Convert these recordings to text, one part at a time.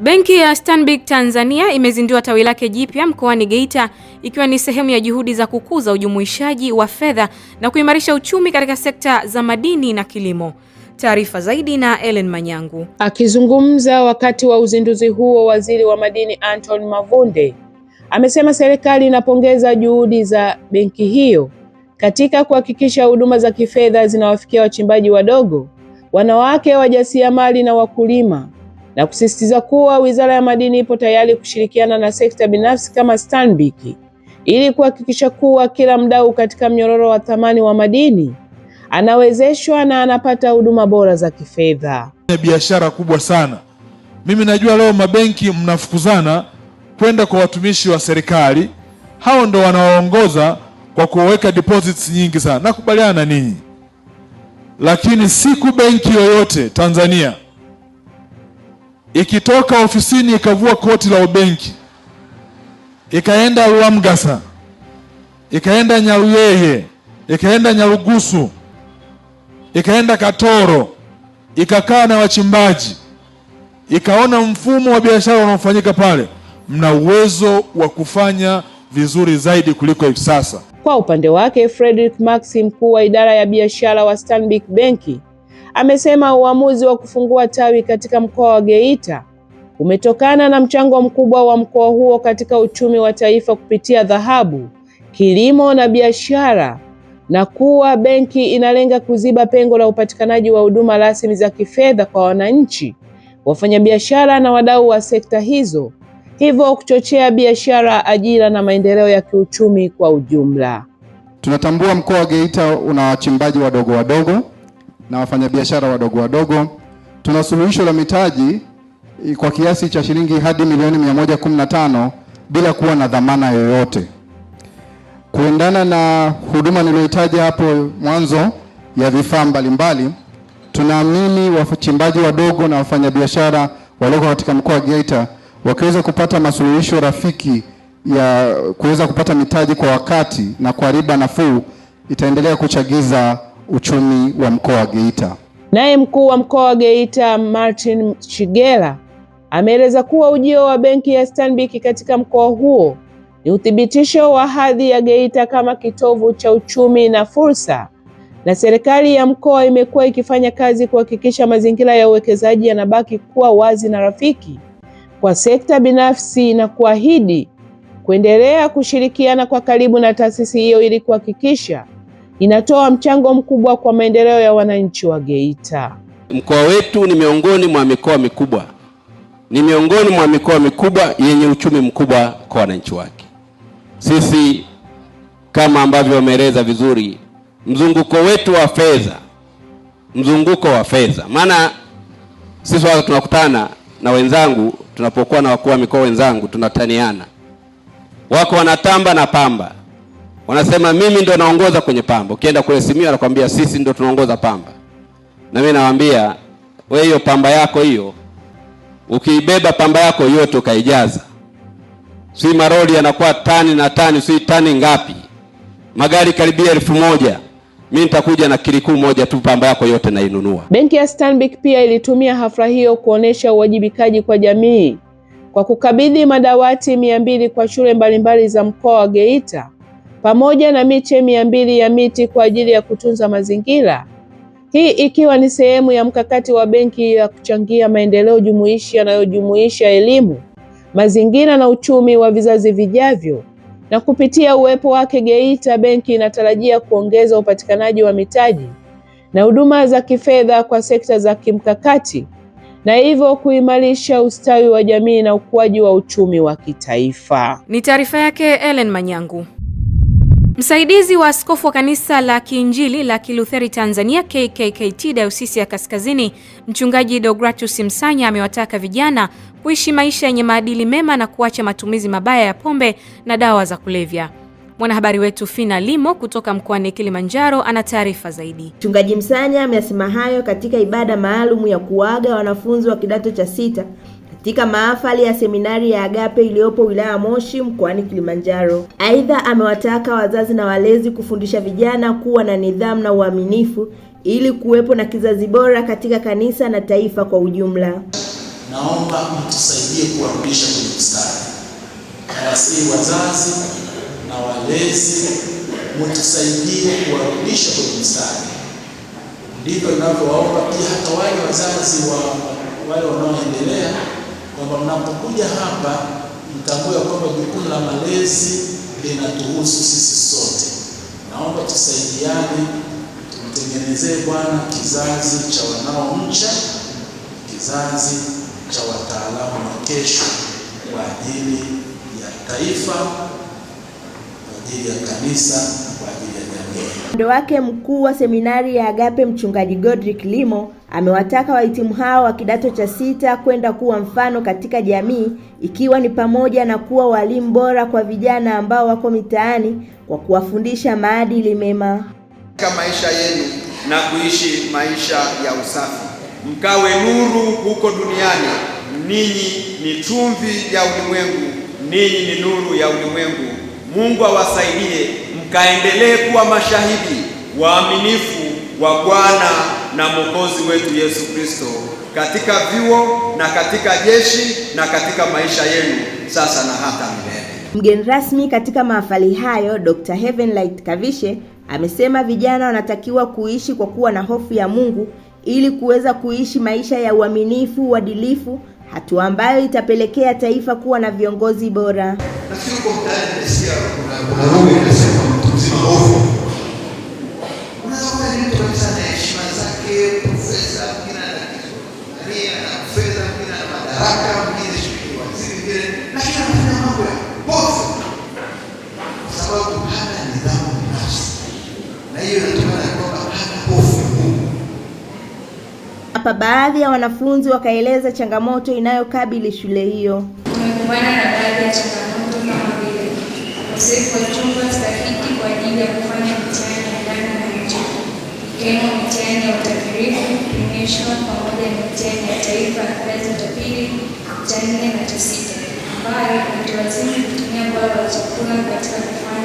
Benki ya Stanbic Tanzania imezindua tawi lake jipya mkoani Geita ikiwa ni sehemu ya juhudi za kukuza ujumuishaji wa fedha na kuimarisha uchumi katika sekta za madini na kilimo. Taarifa zaidi na Ellen Manyangu. Akizungumza wakati wa uzinduzi huo, Waziri wa Madini Anton Mavunde amesema serikali inapongeza juhudi za benki hiyo katika kuhakikisha huduma za kifedha zinawafikia wachimbaji wadogo, wanawake, wajasiriamali na wakulima na kusisitiza kuwa Wizara ya Madini ipo tayari kushirikiana na sekta binafsi kama Stanbic ili kuhakikisha kuwa kila mdau katika mnyororo wa thamani wa madini anawezeshwa na anapata huduma bora za kifedha. Biashara kubwa sana. Mimi najua leo mabenki mnafukuzana kwenda kwa watumishi wa serikali, hao ndo wanaoongoza kwa kuweka deposits nyingi sana. Nakubaliana na ninyi, lakini siku benki yoyote Tanzania ikitoka ofisini ikavua koti la ubenki ikaenda lwamgasa ikaenda Nyaruyeye ikaenda Nyarugusu ikaenda Katoro ikakaa na wachimbaji ikaona mfumo wa biashara unaofanyika pale, mna uwezo wa kufanya vizuri zaidi kuliko hivi sasa. Kwa upande wake Frederick Maxi, mkuu wa idara ya biashara wa Stanbic Benki amesema uamuzi wa kufungua tawi katika mkoa wa Geita umetokana na mchango mkubwa wa mkoa huo katika uchumi wa taifa kupitia dhahabu, kilimo na biashara, na kuwa benki inalenga kuziba pengo la upatikanaji wa huduma rasmi za kifedha kwa wananchi, wafanyabiashara na wadau wa sekta hizo, hivyo kuchochea biashara, ajira na maendeleo ya kiuchumi kwa ujumla. Tunatambua mkoa wa Geita una wachimbaji wadogo wadogo na wafanyabiashara wadogo wadogo. Tuna suluhisho la mitaji eh, kwa kiasi cha shilingi hadi milioni 115 bila kuwa na dhamana yoyote. Kuendana na huduma niliyohitaja hapo mwanzo ya vifaa mbalimbali, tunaamini wachimbaji wadogo na wafanyabiashara walioko katika mkoa wa Geita wakiweza kupata masuluhisho rafiki ya kuweza kupata mitaji kwa wakati na kwa riba nafuu itaendelea kuchagiza uchumi wa mkoa wa Geita. Naye mkuu wa mkoa wa Geita Martin Chigela ameeleza kuwa ujio wa benki ya Stanbic katika mkoa huo ni uthibitisho wa hadhi ya Geita kama kitovu cha uchumi na fursa, na serikali ya mkoa imekuwa ikifanya kazi kuhakikisha mazingira ya uwekezaji yanabaki kuwa wazi na rafiki kwa sekta binafsi na kuahidi kuendelea kushirikiana kwa karibu na taasisi hiyo ili kuhakikisha inatoa mchango mkubwa kwa maendeleo ya wananchi wa Geita. Mkoa wetu ni miongoni mwa mikoa mikubwa, ni miongoni mwa mikoa mikubwa yenye uchumi mkubwa kwa wananchi wake. Sisi kama ambavyo wameeleza vizuri mzunguko wetu wa fedha, mzunguko wa fedha, maana sisi wao tunakutana na wenzangu tunapokuwa na wakuu wa mikoa wenzangu tunataniana, wako wanatamba na pamba wanasema mimi ndo naongoza kwenye Pamba. Ukienda kule Simiyu anakuambia sisi ndo tunaongoza Pamba, na mimi nawaambia wewe, hiyo Pamba yako hiyo, ukiibeba Pamba yako yote ukaijaza, si maroli yanakuwa tani na tani, si tani ngapi, magari karibia elfu moja mi nitakuja na kilikuu moja tu, Pamba yako yote nainunua. Benki ya Stanbic pia ilitumia hafla hiyo kuonesha uwajibikaji kwa jamii kwa kukabidhi madawati mia mbili kwa shule mbalimbali za mkoa wa Geita pamoja na miche mia mbili ya miti kwa ajili ya kutunza mazingira, hii ikiwa ni sehemu ya mkakati wa benki ya kuchangia maendeleo jumuishi yanayojumuisha elimu, mazingira na uchumi wa vizazi vijavyo. Na kupitia uwepo wake Geita, benki inatarajia kuongeza upatikanaji wa mitaji na huduma za kifedha kwa sekta za kimkakati na hivyo kuimarisha ustawi wa jamii na ukuaji wa uchumi wa kitaifa. Ni taarifa yake Ellen Manyangu. Msaidizi wa askofu wa kanisa la Kiinjili la Kilutheri Tanzania KKKT Dayosisi ya Kaskazini, Mchungaji Deogratius Msanya amewataka vijana kuishi maisha yenye maadili mema na kuacha matumizi mabaya ya pombe na dawa za kulevya. Mwanahabari wetu Fina Limo kutoka mkoani Kilimanjaro ana taarifa zaidi. Mchungaji Msanya amesema hayo katika ibada maalumu ya kuaga wanafunzi wa kidato cha sita katika mahafali ya seminari ya Agape iliyopo wilaya Moshi mkoani Kilimanjaro. Aidha, amewataka wazazi na walezi kufundisha vijana kuwa na nidhamu na uaminifu ili kuwepo na kizazi bora katika kanisa na taifa kwa ujumla. Naomba mtusaidie kuwarudisha kwenye mstari, nawasihi wazazi na walezi mtusaidie kuwarudisha kwenye mstari. Ndivyo inavyowaomba pia hata wale wazazi wa wale wanaoendelea kwamba mnapokuja hapa mtambue kwamba jukumu la malezi linatuhusu sisi sote. Naomba tusaidiane, tumtengenezee Bwana kizazi cha wanaomcha, kizazi cha wataalamu wa kesho kwa ajili ya taifa, kwa ajili ya kanisa Upande wake mkuu wa seminari ya Agape Mchungaji Godrick Limo amewataka wahitimu hao wa kidato cha sita kwenda kuwa mfano katika jamii ikiwa ni pamoja na kuwa walimu bora kwa vijana ambao wako mitaani kwa kuwafundisha maadili mema katika maisha yenu na kuishi maisha ya usafi. Mkawe nuru huko duniani. Ninyi ni chumvi ya ulimwengu, ninyi ni nuru ya ulimwengu. Mungu awasaidie kaendelee kuwa mashahidi waaminifu wa Bwana na Mwokozi wetu Yesu Kristo katika vyuo na katika jeshi na katika maisha yenu sasa na hata milele. Mgeni rasmi katika mahafali hayo, Dr. Heavenlight Kavishe amesema vijana wanatakiwa kuishi kwa kuwa na hofu ya Mungu ili kuweza kuishi maisha ya uaminifu, uadilifu, hatua ambayo itapelekea taifa kuwa na viongozi bora maovu. Unaona mtu kabisa na heshima zake, profesa mwingine ana fedha, mwingine ana madaraka, mwingine waziri, mwingine lakini anafanya mambo ya kwa sababu hana nidhamu binafsi, na hiyo inatokana na kwamba hana hofu Hapa baadhi ya wanafunzi wakaeleza changamoto inayokabili shule hiyo. Tumekumbana na baadhi ya changamoto kama vile ukosefu wa chumba sahihi kwa ajili ya kufanya mitihani ya ndani na nje, ikiwemo mitihani ya utabirifu, upimisho pamoja na mitihani ya taifa ya ngazi cha pili cha nne na cha sita, ambayo itawazima kutumia ubora wa chakula katika kufanya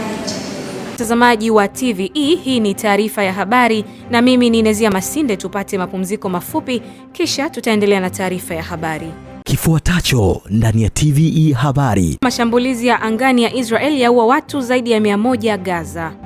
Mtazamaji wa TVE, hii ni taarifa ya habari na mimi ni Nezia Masinde. Tupate mapumziko mafupi, kisha tutaendelea na taarifa ya habari. Kifuatacho ndani ya TVE habari. Mashambulizi ya angani ya Israel yaua watu zaidi ya 100 Gaza.